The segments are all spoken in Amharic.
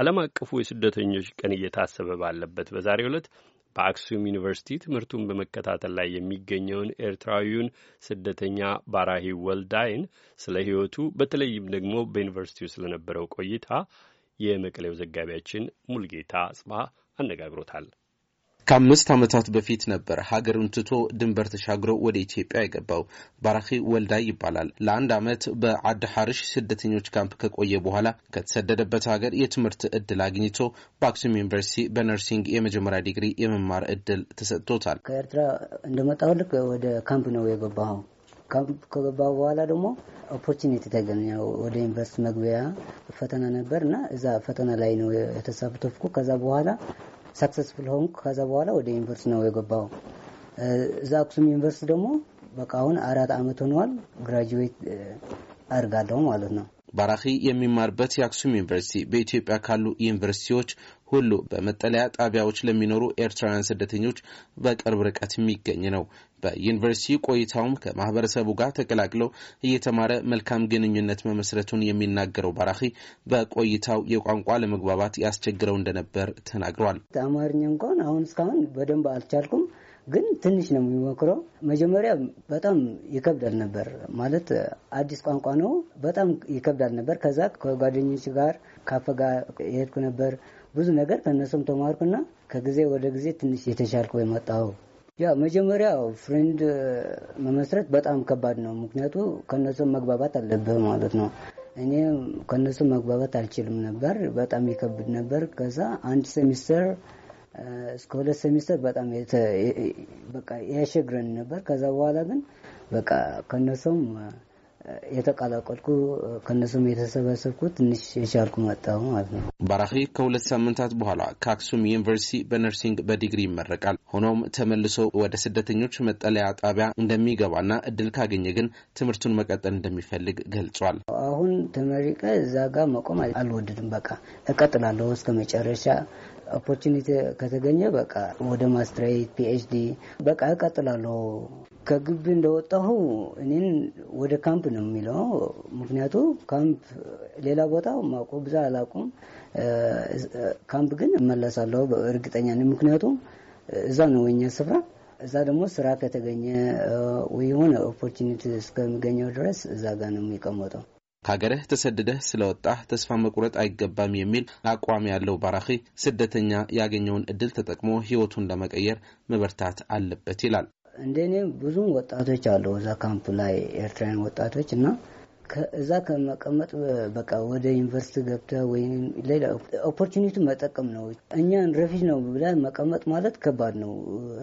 ዓለም አቀፉ የስደተኞች ቀን እየታሰበ ባለበት በዛሬ ዕለት በአክሱም ዩኒቨርሲቲ ትምህርቱን በመከታተል ላይ የሚገኘውን ኤርትራዊውን ስደተኛ ባራሂ ወልዳይን ስለ ሕይወቱ በተለይም ደግሞ በዩኒቨርሲቲው ስለነበረው ቆይታ የመቀሌው ዘጋቢያችን ሙልጌታ ጽባ አነጋግሮታል። ከአምስት ዓመታት በፊት ነበር ሀገሩን ትቶ ድንበር ተሻግሮ ወደ ኢትዮጵያ የገባው። ባራኺ ወልዳይ ይባላል። ለአንድ ዓመት በአድ ሐርሽ ስደተኞች ካምፕ ከቆየ በኋላ ከተሰደደበት ሀገር የትምህርት እድል አግኝቶ በአክሱም ዩኒቨርሲቲ በነርሲንግ የመጀመሪያ ዲግሪ የመማር እድል ተሰጥቶታል። ከኤርትራ እንደመጣሁ ልክ ወደ ካምፕ ነው የገባው። ካምፕ ከገባሁ በኋላ ደግሞ ኦፖርቹኒቲ ተገኘ። ወደ ዩኒቨርስቲ መግቢያ ፈተና ነበር እና እዛ ፈተና ላይ ነው የተሳተፍኩ። ከዛ በኋላ ሰክሰስፉል ሆንኩ። ከዛ በኋላ ወደ ዩኒቨርሲቲ ነው የገባው። እዛ አክሱም ዩኒቨርስቲ ደግሞ በቃ አሁን አራት ዓመት ሆነዋል። ግራጁዌት አድርጋለሁ ማለት ነው። ባራኺ የሚማርበት የአክሱም ዩኒቨርሲቲ በኢትዮጵያ ካሉ ዩኒቨርሲቲዎች ሁሉ በመጠለያ ጣቢያዎች ለሚኖሩ ኤርትራውያን ስደተኞች በቅርብ ርቀት የሚገኝ ነው። በዩኒቨርሲቲ ቆይታውም ከማህበረሰቡ ጋር ተቀላቅሎ እየተማረ መልካም ግንኙነት መመስረቱን የሚናገረው ባራኺ በቆይታው የቋንቋ ለመግባባት ያስቸግረው እንደነበር ተናግሯል። አማርኛ እንኳን አሁን እስካሁን በደንብ አልቻልኩም። ግን ትንሽ ነው የሚሞክረው። መጀመሪያ በጣም ይከብዳል ነበር ማለት አዲስ ቋንቋ ነው፣ በጣም ይከብዳል ነበር። ከዛ ከጓደኞች ጋር ካፈ ጋር የሄድኩ ነበር። ብዙ ነገር ከነሱም ተማርኩና ከጊዜ ወደ ጊዜ ትንሽ የተሻልኩ የመጣው። ያ መጀመሪያ ፍሬንድ መመስረት በጣም ከባድ ነው፣ ምክንያቱ ከነሱ መግባባት አለብህ ማለት ነው። እኔ ከነሱ መግባባት አልችልም ነበር፣ በጣም ይከብድ ነበር። ከዛ አንድ ሴሚስተር እስከ ሁለት ሴሚስተር በጣም በቃ ያሸግረን ነበር። ከዛ በኋላ ግን በቃ ከነሰውም የተቀላቀልኩ ከነሱም የተሰበሰብኩ ትንሽ የቻልኩ መጣሁ ማለት ነው። ባራኺ ከሁለት ሳምንታት በኋላ ከአክሱም ዩኒቨርሲቲ በነርሲንግ በዲግሪ ይመረቃል። ሆኖም ተመልሶ ወደ ስደተኞች መጠለያ ጣቢያ እንደሚገባና እድል ካገኘ ግን ትምህርቱን መቀጠል እንደሚፈልግ ገልጿል። አሁን ተመሪቀ እዛ ጋር መቆም አልወደድም። በቃ እቀጥላለሁ እስከ መጨረሻ ኦፖርቹኒቲ ከተገኘ በቃ ወደ ማስትሬት ፒኤችዲ በቃ እቀጥላለሁ። ከግቢ እንደወጣሁ እኔን ወደ ካምፕ ነው የሚለው። ምክንያቱ ካምፕ ሌላ ቦታ ማቆ ብዛ አላቁም። ካምፕ ግን እመለሳለሁ እርግጠኛ ነው። ምክንያቱም እዛ ነው የኛ ስፍራ። እዛ ደግሞ ስራ ከተገኘ የሆነ ኦፖርቹኒቲ እስከሚገኘው ድረስ እዛ ጋር ነው የሚቀመጠው። ከሀገርህ ተሰድደህ ስለወጣህ ተስፋ መቁረጥ አይገባም የሚል አቋም ያለው ባራኺ ስደተኛ ያገኘውን እድል ተጠቅሞ ህይወቱን ለመቀየር መበርታት አለበት ይላል። እንደኔ ብዙም ወጣቶች አሉ እዛ ካምፕ ላይ ኤርትራውያን ወጣቶች እና እዛ ከመቀመጥ በቃ ወደ ዩኒቨርሲቲ ገብተ ወይም ሌላ ኦፖርቹኒቲ መጠቀም ነው። እኛን ረፊት ነው ብላ መቀመጥ ማለት ከባድ ነው።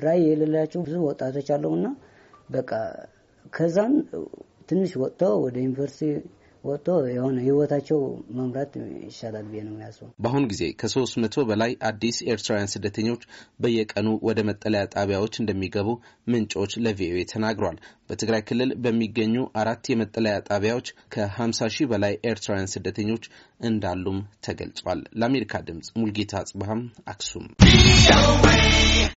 ራይ የሌላቸው ብዙ ወጣቶች አለው እና በቃ ከዛም ትንሽ ወጥተው ወደ ዩኒቨርሲቲ ወጥቶ የሆነ ህይወታቸው መምራት ይሻላል ብዬ ነው የሚያስበው። በአሁኑ ጊዜ ከሶስት መቶ በላይ አዲስ ኤርትራውያን ስደተኞች በየቀኑ ወደ መጠለያ ጣቢያዎች እንደሚገቡ ምንጮች ለቪኦኤ ተናግሯል። በትግራይ ክልል በሚገኙ አራት የመጠለያ ጣቢያዎች ከ50 ሺህ በላይ ኤርትራውያን ስደተኞች እንዳሉም ተገልጿል። ለአሜሪካ ድምፅ ሙልጌታ አጽብሃም አክሱም